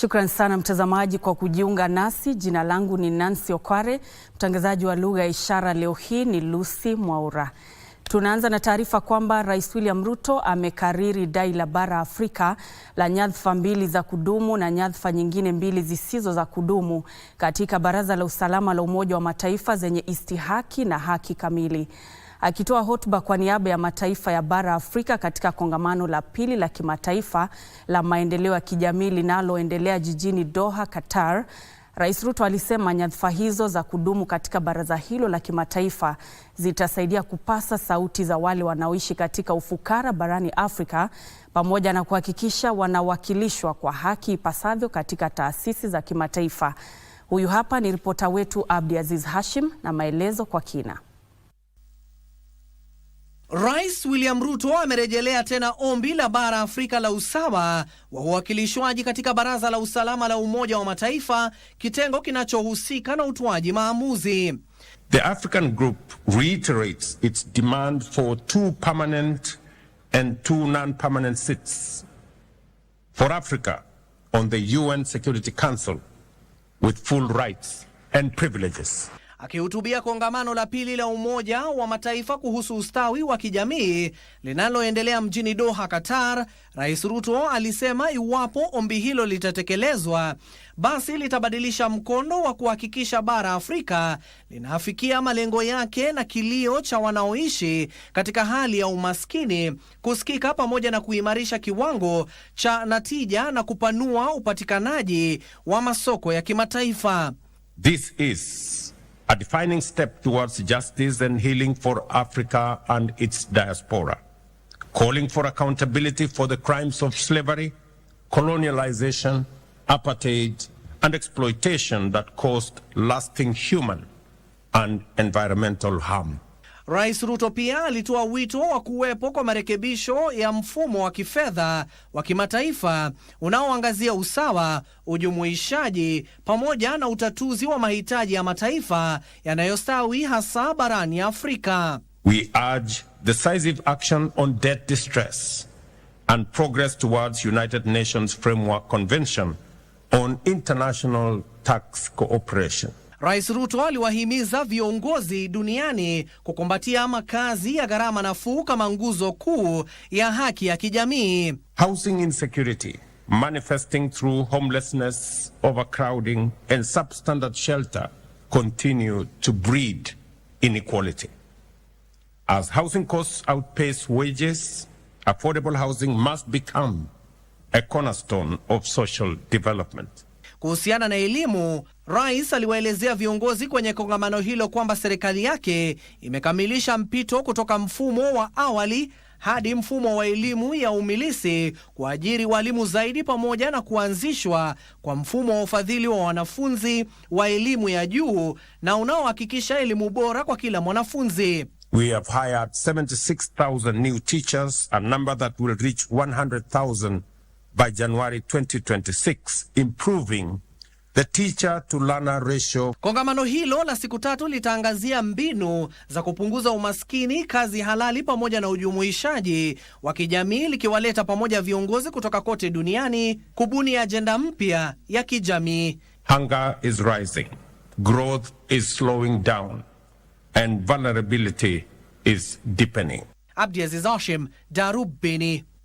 Shukran sana mtazamaji kwa kujiunga nasi. Jina langu ni Nancy Okware, mtangazaji wa lugha ya ishara leo hii ni Lucy Mwaura. Tunaanza na taarifa kwamba Rais William Ruto amekariri dai la bara Afrika la nyadhifa mbili za kudumu na nyadhifa nyingine mbili zisizo za kudumu katika Baraza la Usalama la Umoja wa Mataifa zenye istihaki na haki kamili. Akitoa hotuba kwa niaba ya mataifa ya bara Afrika katika kongamano la pili la kimataifa la maendeleo ya kijamii linaloendelea jijini Doha, Qatar, Rais Ruto alisema nyadhifa hizo za kudumu katika baraza hilo la kimataifa zitasaidia kupasa sauti za wale wanaoishi katika ufukara barani Afrika pamoja na kuhakikisha wanawakilishwa kwa haki ipasavyo katika taasisi za kimataifa. Huyu hapa ni ripota wetu Abdi Aziz Hashim na maelezo kwa kina. Rais William Ruto amerejelea tena ombi la bara Afrika la usawa wa uwakilishwaji katika Baraza la Usalama la Umoja wa Mataifa, kitengo kinachohusika na utoaji maamuzi. The African group reiterates its demand for two permanent and two non-permanent seats for Africa on the UN Security Council with full rights and privileges. Akihutubia kongamano la pili la Umoja wa Mataifa kuhusu ustawi wa kijamii linaloendelea mjini Doha, Qatar, Rais Ruto alisema iwapo ombi hilo litatekelezwa, basi litabadilisha mkondo wa kuhakikisha bara Afrika linafikia malengo yake na kilio cha wanaoishi katika hali ya umaskini kusikika pamoja na kuimarisha kiwango cha natija na kupanua upatikanaji wa masoko ya kimataifa. This is a defining step towards justice and healing for Africa and its diaspora, calling for accountability for the crimes of slavery, colonialization, apartheid, and exploitation that caused lasting human and environmental harm. Rais Ruto pia alitoa wito wa kuwepo kwa marekebisho ya mfumo wa kifedha wa kimataifa unaoangazia usawa, ujumuishaji pamoja na utatuzi wa mahitaji ya mataifa yanayostawi hasa barani Afrika. We urge decisive action on debt distress and progress towards United Nations Framework Convention on International Tax Cooperation. Rais Ruto aliwahimiza viongozi duniani kukumbatia makazi ya gharama nafuu kama nguzo kuu ya haki ya kijamii. Housing insecurity manifesting through homelessness, overcrowding and substandard shelter continue to breed inequality. As housing costs outpace wages, affordable housing must become a cornerstone of social development. Kuhusiana na elimu, Rais aliwaelezea viongozi kwenye kongamano hilo kwamba serikali yake imekamilisha mpito kutoka mfumo wa awali hadi mfumo wa elimu ya umilisi kuajiri walimu zaidi pamoja na kuanzishwa kwa mfumo wa ufadhili wa wanafunzi wa elimu ya juu na unaohakikisha elimu bora kwa kila mwanafunzi. We have hired 76,000 new teachers, a number that will reach 100,000 by January 2026, improving the teacher to learner ratio. Kongamano hilo la siku tatu litaangazia mbinu za kupunguza umaskini, kazi halali pamoja na ujumuishaji wa kijamii likiwaleta pamoja viongozi kutoka kote duniani kubuni ajenda mpya ya kijamii. Hunger is rising, growth is slowing down and vulnerability is deepening. Abdiaziz Hashim, Darubini.